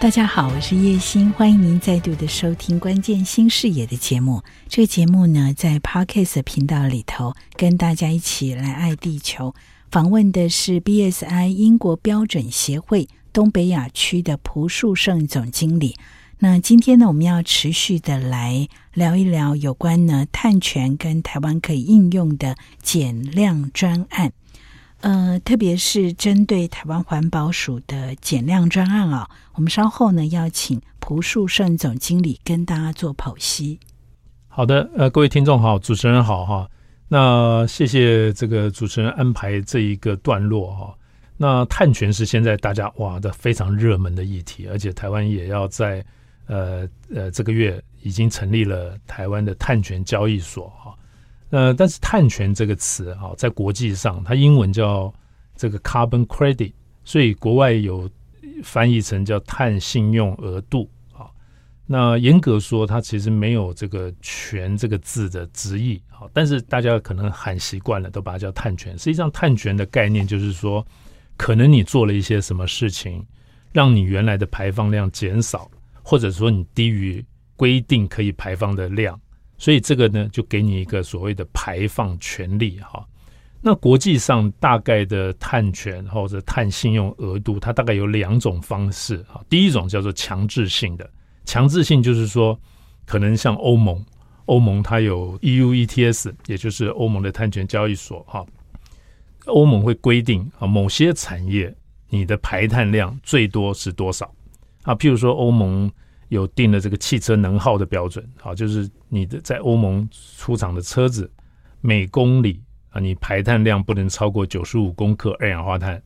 大家好，我是葉欣，歡迎您再度的收聽《關鍵新視野》的節目。這個節目呢，在 Podcast 的頻道裡頭，跟大家一起來愛地球。訪問的是 BSI 英國標準協會東北亞區的蒲樹盛總經理。那今天呢，我們要持續的來聊一聊有關呢碳權跟台灣可以應用的減量專案。呃，特別是針對台灣環保署的減量專案啊，哦，我們稍後呢要請蒲樹盛總經理跟大家做剖析。好的，呃，各位聽眾好，主持人好哈。那謝謝這個主持人安排這一個段落哈。那碳權是現在大家哇的非常熱門的議題，而且台灣也要在呃呃這個月已經成立了台灣的碳權交易所哈。呃，但是“碳權”這個詞啊，哦，在國際上，它英文叫這個 “carbon credit”，所以國外有翻譯成叫“碳信用額度”哦，那嚴格說，它其實沒有這個“權”這個字的直譯啊。但是大家可能喊習慣了，都把它叫“碳權”。實際上，“碳權”的概念就是說，可能你做了一些什麼事情，讓你原來的排放量減少，或者說你低於規定可以排放的量。所以這個呢，就給你一個所謂的排放權利哈。那國際上大概的碳權或者碳信用額度，它大概有兩種方式。第一種叫做強制性的，強制性就是說，可能像歐盟，歐盟它有 EU ETS，也就是歐盟的碳權交易所哈。歐盟會規定啊，某些產業你的排碳量最多是多少啊，譬如說歐盟。有定了這個汽車能耗的標準，好，就是你的在歐盟出廠的車子，每公里啊，你排碳量不能超過九十五公克二氧化碳。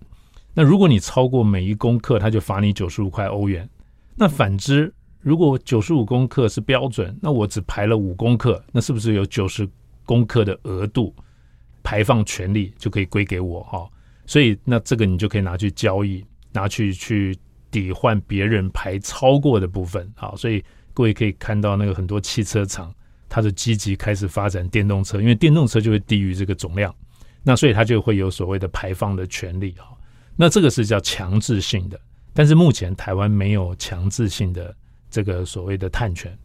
那如果你超過每一公克，他就罰你九十五塊歐元。那反之，如果九十五公克是標準，那我只排了五公克，那是不是有九十公克的額度排放權利就可以歸給我哈？所以那這個你就可以拿去交易，拿去去。抵換別人排超過的部分，啊，所以各位可以看到那個很多汽車廠，它是積極開始發展電動車，因為電動車就會低於這個總量，那所以它就會有所謂的排放的權利，那這個是叫強制性的，但是目前台灣沒有強制性的這個所謂的碳權。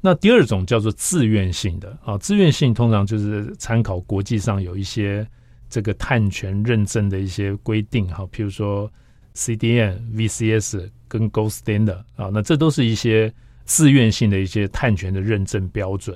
那第二種叫做自願性的，啊，自願性通常就是參考國際上有一些這個碳權認證的一些規定，哈，譬如說。CDM、VCS 跟 Gold Standard 啊，那這都是一些自願性的一些碳權的認證標準。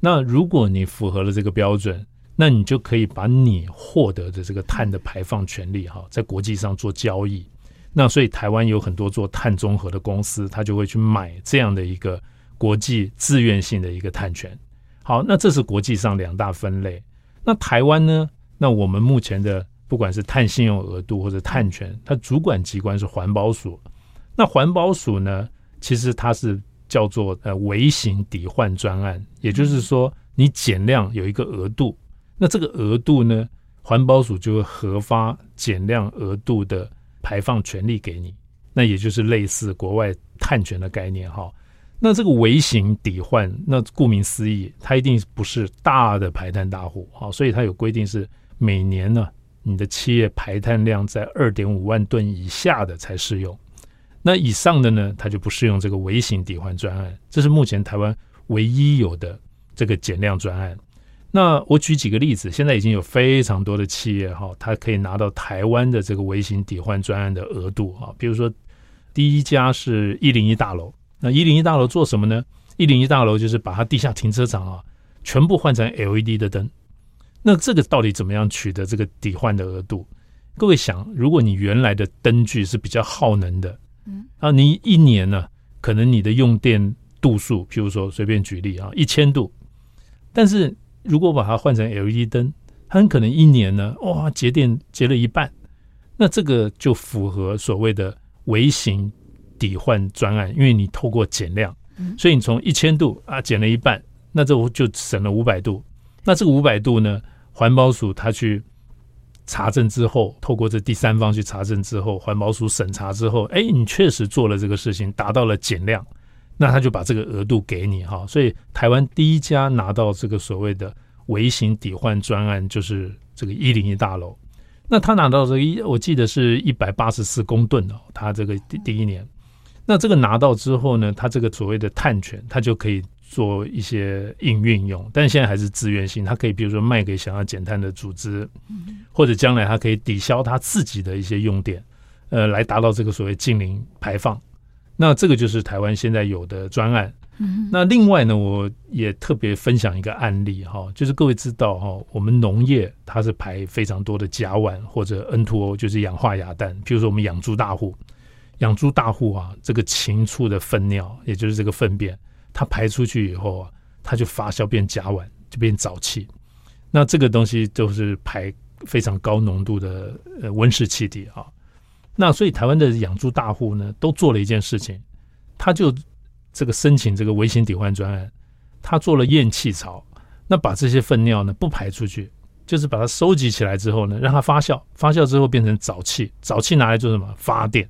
那如果你符合了這個標準，那你就可以把你獲得的這個碳的排放權利哈，在國際上做交易。那所以台灣有很多做碳中和的公司，他就會去買這樣的一個國際自願性的一個碳權。好，那這是國際上兩大分類。那台灣呢？那我們目前的。不管是碳信用額度或者碳權，它主管機關是環保署。那環保署呢，其實它是叫做呃微型抵換專案，也就是說你減量有一個額度，那這個額度呢，環保署就會核發減量額度的排放權利給你。那也就是類似國外碳權的概念哈。那這個微型抵換，那顧名思義，它一定不是大的排碳大戶哈，所以它有規定是每年呢。你的企業排碳量在二點五萬噸以下的才適用，那以上的呢，它就不適用這個微型抵換專案。這是目前台灣唯一有的這個減量專案。那我舉幾個例子，現在已經有非常多的企業哈，它可以拿到台灣的這個微型抵換專案的額度啊。比如說，第一家是一零一大樓，那一零一大樓做什麼呢？一零一大樓就是把它地下停車場啊，全部換成 LED 的燈。那這個到底怎麼樣取得這個抵換的額度？各位想，如果你原來的燈具是比較耗能的，嗯啊，你一年呢、啊，可能你的用電度數，譬如說隨便舉例啊，一千度。但是如果把它換成 LED 燈，它很可能一年呢，哇、哦，節電節了一半。那這個就符合所謂的微型抵換專案，因為你透過減量，所以你從一千度啊，減了一半，那這我就省了五百度。那這個五百度呢？環保署他去查證之後，透過這第三方去查證之後，環保署審查之後，哎、欸，你確實做了這個事情，達到了減量，那他就把這個額度給你哈。所以台灣第一家拿到這個所謂的微型抵換專案，就是這個一零一大樓。那他拿到這個一，我記得是一百八十四公噸哦，他這個第第一年。那這個拿到之後呢，他這個所謂的碳權，他就可以。做一些應用，但現在還是自願性。它可以比如說賣給想要減碳的組織，嗯、或者將來它可以抵消它自己的一些用電，呃，來達到這個所謂淨零排放。那這個就是台灣現在有的專案，嗯。那另外呢，我也特別分享一個案例哈，就是各位知道哈，我們農業它是排非常多的甲烷或者 N2O 就是氧化亞氮。比如說我們養豬大戶，養豬大戶啊，這個禽畜的糞尿，也就是這個糞便。它排出去以後啊，它就發酵變甲烷，就變沼氣。那這個東西就是排非常高濃度的呃溫室氣體啊。那所以台灣的養豬大戶呢，都做了一件事情，他就這個申請這個微型抵換專案，他做了厭氣槽，那把這些糞尿呢，不排出去，就是把它收集起來之後呢，讓它發酵，發酵之後變成沼氣，沼氣拿來做什麼？發電。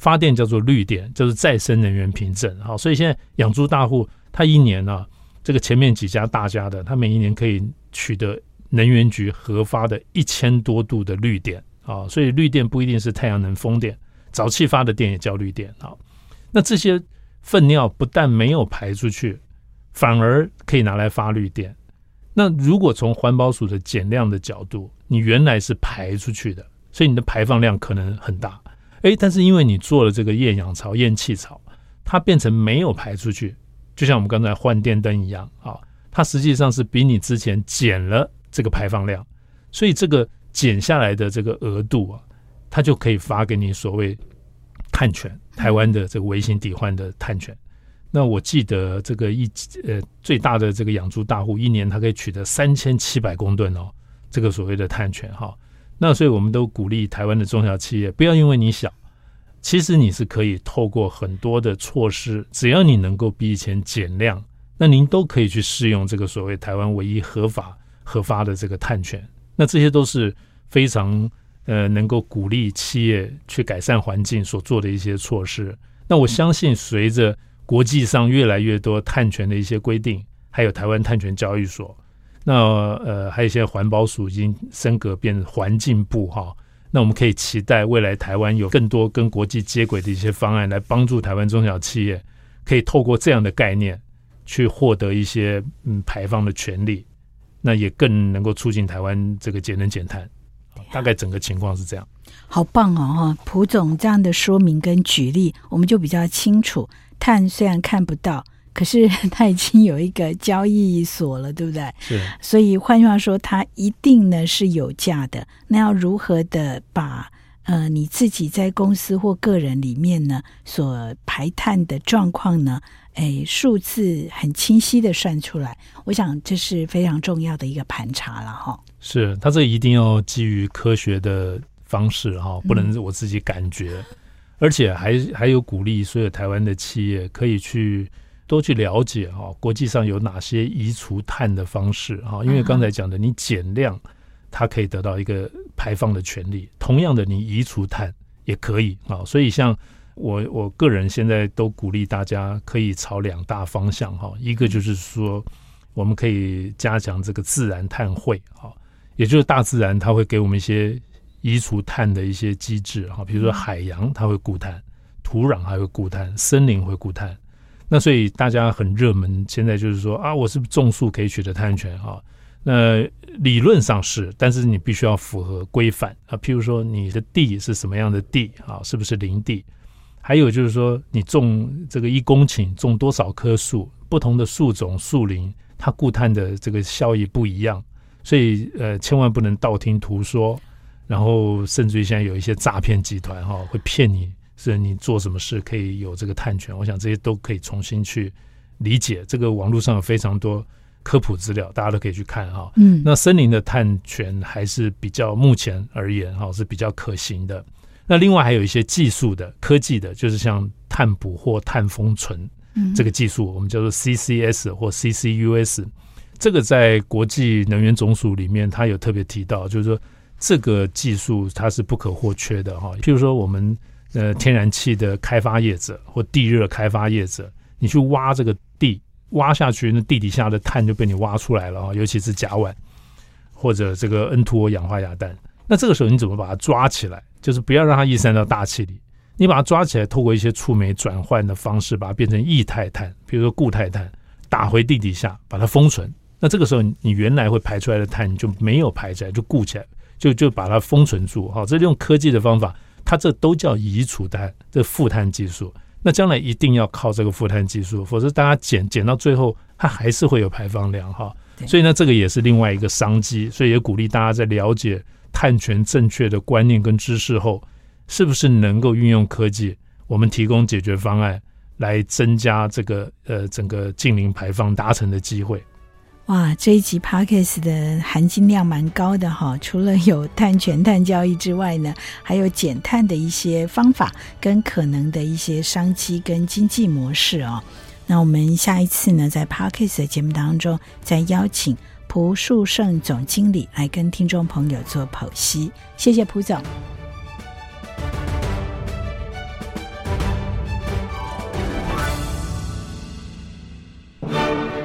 發電叫做綠電，就是再生能源憑證。好，所以現在養豬大戶，他一年呢、啊，這個前面幾家大家的，他每一年可以取得能源局核發的一千多度的綠電。啊，所以綠電不一定是太陽能、風電，沼氣發的電也叫綠電。啊，那這些糞尿不但沒有排出去，反而可以拿來發綠電。那如果從環保署的減量的角度，你原來是排出去的，所以你的排放量可能很大。誒、欸，但是因為你做了這個厭氧槽、厭氣槽，它變成沒有排出去，就像我們剛才換電燈一樣啊、哦，它實際上是比你之前減了這個排放量，所以這個減下來的這個額度啊，它就可以發給你所謂碳權，台灣的這個微型抵換的碳權。那我記得這個一呃最大的這個養豬大戶，一年它可以取得三千七百公噸哦，這個所謂的碳權哈。哦那所以我們都鼓勵台灣的中小企業，不要因為你小，其實你是可以透過很多的措施，只要你能夠比以前減量，那您都可以去適用這個所謂台灣唯一合法、合法的這個碳權。那這些都是非常呃能夠鼓勵企業去改善環境所做的一些措施。那我相信，隨着國際上越來越多碳權的一些規定，還有台灣碳權交易所。那呃，還有一些環保署已經升格變環境部哈、哦。那我們可以期待未來台灣有更多跟國際接軌的一些方案，來幫助台灣中小企業可以透過這樣的概念去獲得一些、嗯、排放的權利。那也更能夠促進台灣這個節能減碳、哦。大概整個情況是這樣。好棒哦哈，蒲總這樣的說明跟舉例，我們就比較清楚。碳雖然看不到。可是它已經有一個交易所了，對不對？是。所以換句話說，它一定呢是有價的。那要如何的把呃你自己在公司或個人裡面呢所排碳的狀況呢？哎，數字很清晰的算出來，我想這是非常重要的一個盤查了哈。是，它這一定要基於科學的方式哈，不能我自己感覺，嗯，而且還還有鼓勵所有台灣的企業可以去。多去了解哈、哦，國際上有哪些移除碳的方式哈、哦？因為剛才講的，你減量它可以得到一個排放的權利，同樣的，你移除碳也可以啊、哦。所以，像我我個人現在都鼓勵大家可以朝兩大方向哈、哦，一個就是說，我們可以加強這個自然碳匯啊、哦，也就是大自然它會給我們一些移除碳的一些機制哈、哦，比如說海洋它會固碳，土壤還會固碳，森林會固碳。那所以大家很熱門，現在就是說啊，我是不是種樹可以取得碳權哈、啊？那理論上是，但是你必須要符合規範啊。譬如說你的地是什麼樣的地啊？是不是林地？還有就是說你種這個一公頃種多少棵樹？不同的樹種、樹林，它固碳的這個效益不一樣。所以呃，千萬不能道聽途說，然後甚至於現在有一些詐騙集團哈，會騙你。是你做什麼事可以有這個碳權？我想這些都可以重新去理解。這個網絡上有非常多科普資料，大家都可以去看哈、哦。嗯，那森林的碳權還是比較目前而言哈、哦、是比較可行的。那另外還有一些技術的、科技的，就是像碳捕或碳封存、嗯、這個技術，我們叫做 CCS 或 CCUS。這個在國際能源總署裡面，它有特別提到，就是說這個技術它是不可或缺的哈、哦。譬如說我們。呃，天然氣的開發業者或地熱開發業者，你去挖這個地，挖下去那地底下的碳就被你挖出來了啊，尤其是甲烷或者這個 N2O 氧化亞氮。那這個時候你怎麼把它抓起來？就是不要讓它逸散到大氣裡，你把它抓起來，透過一些觸媒轉換的方式，把它變成液態碳，比如說固態碳，打回地底下把它封存。那這個時候你原來會排出來的碳你就沒有排出來，就固起來，就就把它封存住。好、哦，這是用科技的方法。它這都叫移除碳，這負碳技術。那將來一定要靠這個負碳技術，否則大家減減到最後，它還是會有排放量哈。所以呢，這個也是另外一個商機。所以也鼓勵大家在了解碳權正確的觀念跟知識後，是不是能夠運用科技，我們提供解決方案來增加這個呃整個近零排放達成的機會。哇，這一集 podcast 的含金量蠻高的哈、哦！除了有碳權碳交易之外呢，還有減碳的一些方法跟可能的一些商機跟經濟模式哦。那我們下一次呢，在 podcast 的節目當中再邀請蒲樹盛總經理來跟聽眾朋友做剖析。謝謝蒲總。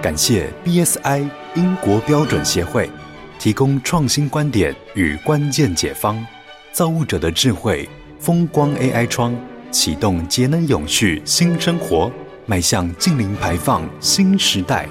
感謝 BSI 英國標準協會提供創新觀點與關鍵解方，造物者的智慧，風光 AI 窗啟動節能永續新生活，邁向淨零排放新時代。